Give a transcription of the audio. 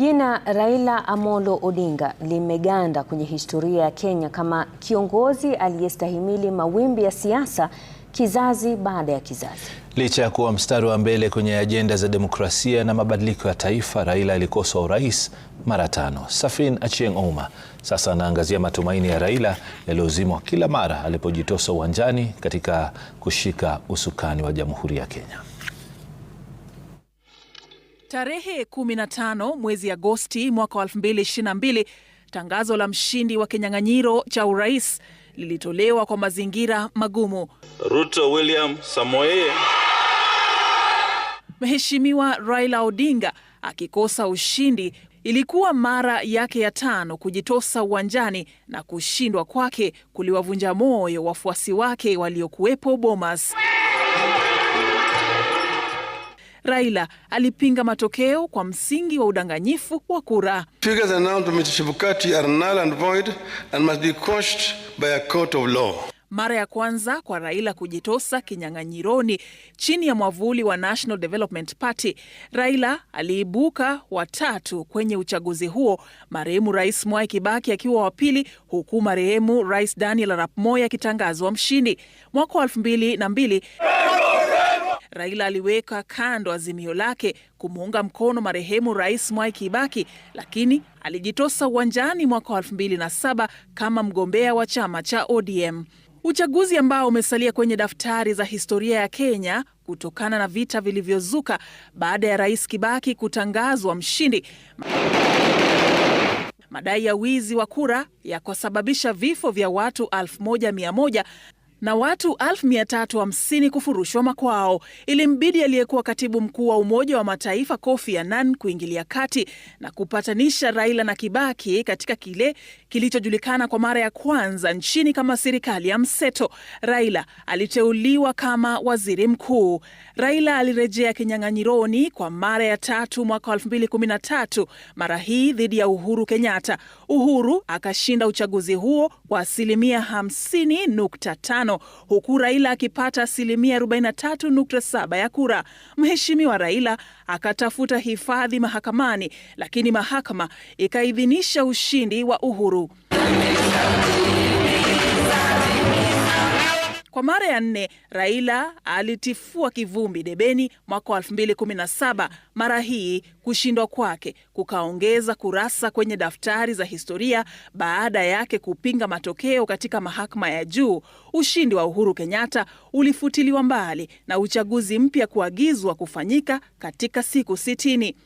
Jina Raila Amolo Odinga limeganda kwenye historia ya Kenya kama kiongozi aliyestahimili mawimbi ya siasa kizazi baada ya kizazi. Licha ya kuwa mstari wa mbele kwenye ajenda za demokrasia na mabadiliko ya taifa, Raila alikosa urais mara tano. Safin Achieng Ouma sasa anaangazia matumaini ya Raila yaliyozimwa kila mara alipojitosa uwanjani katika kushika usukani wa Jamhuri ya Kenya. Tarehe 15 mwezi Agosti mwaka wa 2022 tangazo la mshindi wa kinyang'anyiro cha urais lilitolewa kwa mazingira magumu. Ruto William Samoei. Mheshimiwa Raila Odinga akikosa ushindi. Ilikuwa mara yake ya tano kujitosa uwanjani na kushindwa kwake kuliwavunja moyo wafuasi wake waliokuwepo Bomas. Raila alipinga matokeo kwa msingi wa udanganyifu wa kura. Figures announced by Mr. Chebukati are null and void and must be quashed by a court of law. Mara ya kwanza kwa Raila kujitosa kinyang'anyironi chini ya mwavuli wa National Development Party. Raila aliibuka watatu kwenye uchaguzi huo, marehemu Rais Mwai Kibaki akiwa wa pili, huku marehemu Rais Daniel Arap Moi akitangazwa mshindi mwaka wa elfu mbili na mbili. Raila aliweka kando azimio lake kumuunga mkono marehemu Rais Mwai Kibaki, lakini alijitosa uwanjani mwaka wa 2007 kama mgombea wa chama cha ODM. Uchaguzi ambao umesalia kwenye daftari za historia ya Kenya kutokana na vita vilivyozuka baada ya Rais Kibaki kutangazwa mshindi. Madai ya wizi wa kura yakosababisha vifo vya watu 1100 na watu 350 kufurushwa makwao. Ilimbidi aliyekuwa katibu mkuu wa Umoja wa Mataifa Kofi Annan kuingilia kati na kupatanisha Raila na Kibaki katika kile kilichojulikana kwa mara ya kwanza nchini kama serikali ya mseto. Raila aliteuliwa kama waziri mkuu. Raila alirejea kinyang'anyironi kwa mara ya tatu mwaka 2013, mara hii dhidi ya Uhuru Kenyatta. Uhuru akashinda uchaguzi huo kwa asilimia 50.5 tano huku Raila akipata asilimia 43.7 ya kura. Mheshimiwa Raila akatafuta hifadhi mahakamani, lakini mahakama ikaidhinisha ushindi wa Uhuru. Kwa mara ya nne, Raila alitifua kivumbi debeni mwaka wa 2017. Mara hii kushindwa kwake kukaongeza kurasa kwenye daftari za historia baada yake kupinga matokeo katika mahakama ya juu. Ushindi wa Uhuru Kenyatta ulifutiliwa mbali na uchaguzi mpya kuagizwa kufanyika katika siku sitini.